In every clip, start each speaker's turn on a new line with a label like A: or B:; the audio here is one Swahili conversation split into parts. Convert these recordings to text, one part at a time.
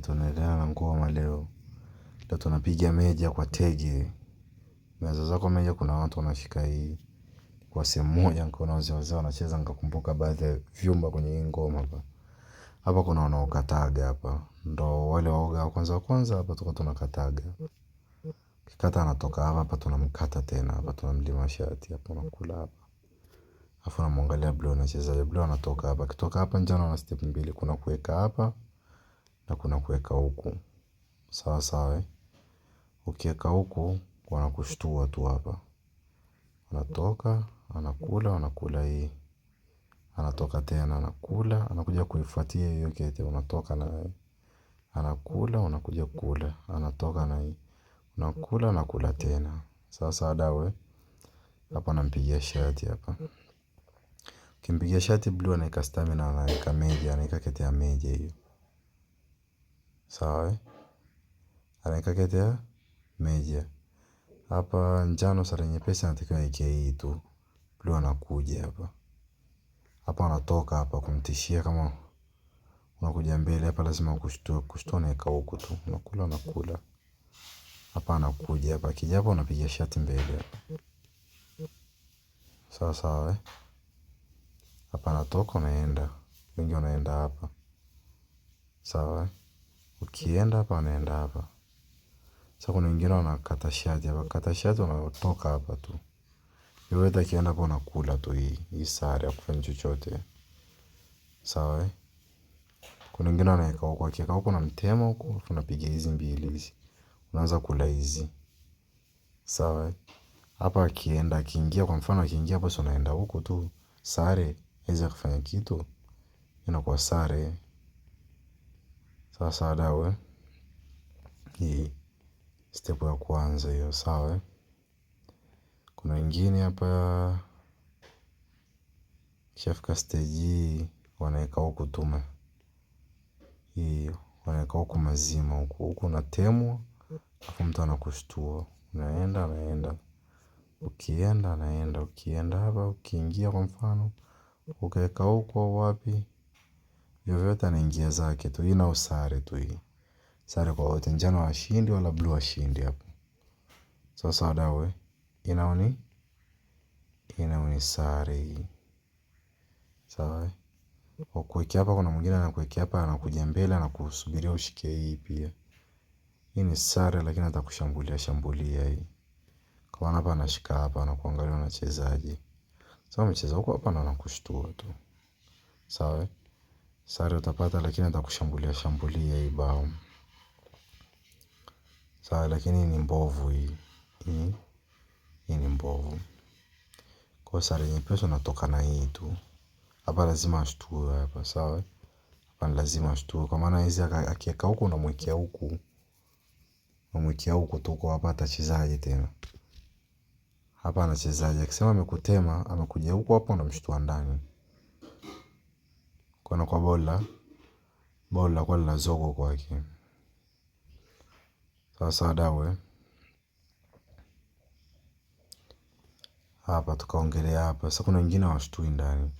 A: tunaendelea na ngoma leo. Leo tunapiga meja kwa tege. Meza zako meja kuna watu wanashika hii. Kwa sehemu moja nikaona wazee wazee wanacheza nikakumbuka baadhi ya vyumba kwenye hii ngoma hapa. Hapa kuna wanaokataga hapa. Ndo wale waoga wa kwanza wa kwanza hapa tuko tunakataga. kikata, anatoka hapa hapa tunamkata tena hapa tunamlima shati hapa unakula hapa. afu namwangalia blue anacheza blue anatoka hapa. Akitoka hapa njano na step mbili kuna kuweka hapa na kuna kuweka huku sawa sawa. Eh? Ukiweka huku wanakushtua tu hapa, anatoka anakula, anakula hii, anatoka tena anakula, anakuja kuifuatia hiyo kete, unatoka na hii. anakula, unakuja kula, anatoka na hii, unakula, anakula tena. Sasa dawe eh? hapa nampigia shati hapa, kimpigia shati blue anaweka stamina, anaweka meja, anaweka kete ya meja hiyo. Sawa. Anaikaketea meja. Hapa njano sare nyepesi anatakiwa aeke hii tu. Blue anakuja hapa. Hapa anatoka hapa kumtishia kama unakuja mbele hapa lazima kushtua kushtua naeka huku tu. Unakula unakula. Hapa anakuja hapa. kijapo unapiga shati mbele hapa. Sawa sawa. Eh. Hapa anatoka unaenda. Wengi wanaenda hapa. Sawa. Eh. Ukienda hapa unaenda hapa. Sasa kuna wengine wanakatashaji hapa. Katashaji wanatoka hapa tu. Yule hata akienda hapa unakula tu hii. Hii sare ya kufanya chochote. Sawa eh? Kuna wengine wanaweka huko. Akiweka huko na mtema huko. alafu Unapiga hizi mbili hizi. Unaanza kula hizi. Sawa eh? Hapa akienda, akiingia kwa mfano akiingia hapa si unaenda huko tu. Sare. Hawezi akafanya kitu. Inakuwa sare. Sasa wadau, hii step ya kwanza hiyo, sawa. Kuna ingine hapa, kishafika stage hii wanaweka huku tuma hii, wanaweka huku mazima huku huku, unatemwa afu mtu anakushtua, unaenda anaenda, ukienda anaenda, ukienda hapa, ukiingia kwa mfano ukaweka huko wapi Yoyote anaingia zake tu, ina usare tu hii. Sare kwa wote, njano washindi wala blue washindi hapo. Sasa wadau eh, inaoni inaoni sare hii. Sawa? Wakuwekea hapa kuna mwingine anakuwekea hapa anakuja mbele anakusubiria ushike hii pia. Hii ni sare lakini atakushambulia shambulia hii. Kwa maana hapa anashika hapa anakuangalia unachezaje. Sasa mchezo huko hapa na anakushtua tu. Sawa? eh? Sare utapata lakini atakushambulia shambulia hii bao. Sawa lakini ni mbovu hii. Hii hii ni mbovu. Kwa sare nyepesi unatoka na hii tu. Hapa lazima ashtue hapa, sawa? Hapa lazima ashtue kwa maana hizi akiweka huku unamwekea huku. namwikia huku tu kwa hapa atachezaje tena? Hapa anachezaje? Akisema amekutema, amekuja huku hapo unamshtua ndani kwa bola bao zoko linazokwa kwake. Sasa dawe, hapa tukaongelea hapa. Sasa kuna wengine washtui ndani,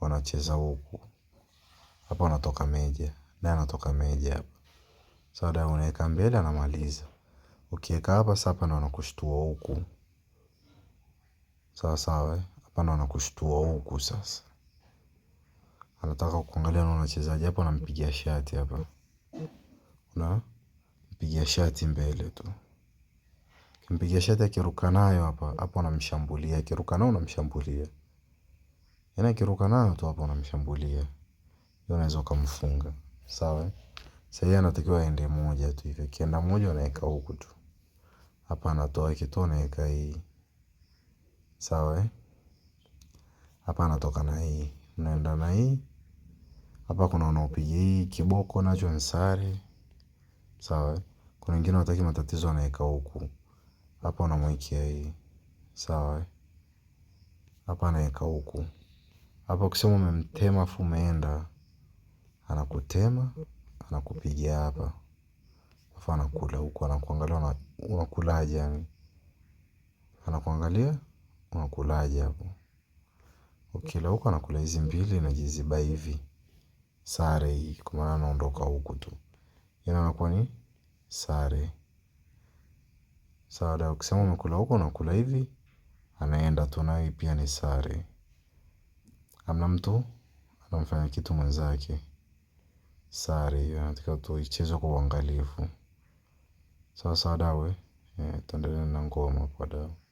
A: wanacheza huku hapa, wanatoka meja naye anatoka meja hapa. Sasa dawe unaweka mbele, anamaliza ukiweka hapa. Sasa hapa ndo anakushtua huku, sawasawa sawa, hapa ndo anakushtua huku sasa Anataka kuangalia na wachezaji hapa anampigia shati hapa. na mpigia shati mbele tu. kimpigia shati akiruka nayo hapa, hapo anamshambulia. Akiruka nayo anamshambulia Yaani akiruka nayo tu hapo anamshambulia Hiyo unaweza ukamfunga. Sawa? Sasa yeye anatakiwa aende moja tu hivi. Akienda moja unaweka huku tu. Hapa anatoa kitu tu anaweka hii. Sawa? Hapa anatoka na hii. Unaenda na hii. Hapa kuna wanaopiga hii kiboko nacho ni sare. Sawa. Kuna wengine wataki matatizo wanaweka huku. Hapa unamwekea hii. Sawa. Hapa anaweka huku. Hapa ukisema umemtema afu umeenda. Anakutema, anakupigia hapa. Alafu anakula huku, anakuangalia unakulaje yani. Anakuangalia unakulaje hapo. Ukila huku anakula hizi mbili inajiziba hivi sare hii kwa maana naondoka huku tu, yaani anakuwa ni sare. Sawa, ukisema umekula huko unakula hivi, anaenda tu, nayo, pia ni sare. Amna mtu anamfanya kitu mwenzake, sare hiyo tu tuicheze kwa uangalifu. Sawa sawa dawe. eh, tuendelee na ngoma kwa dau.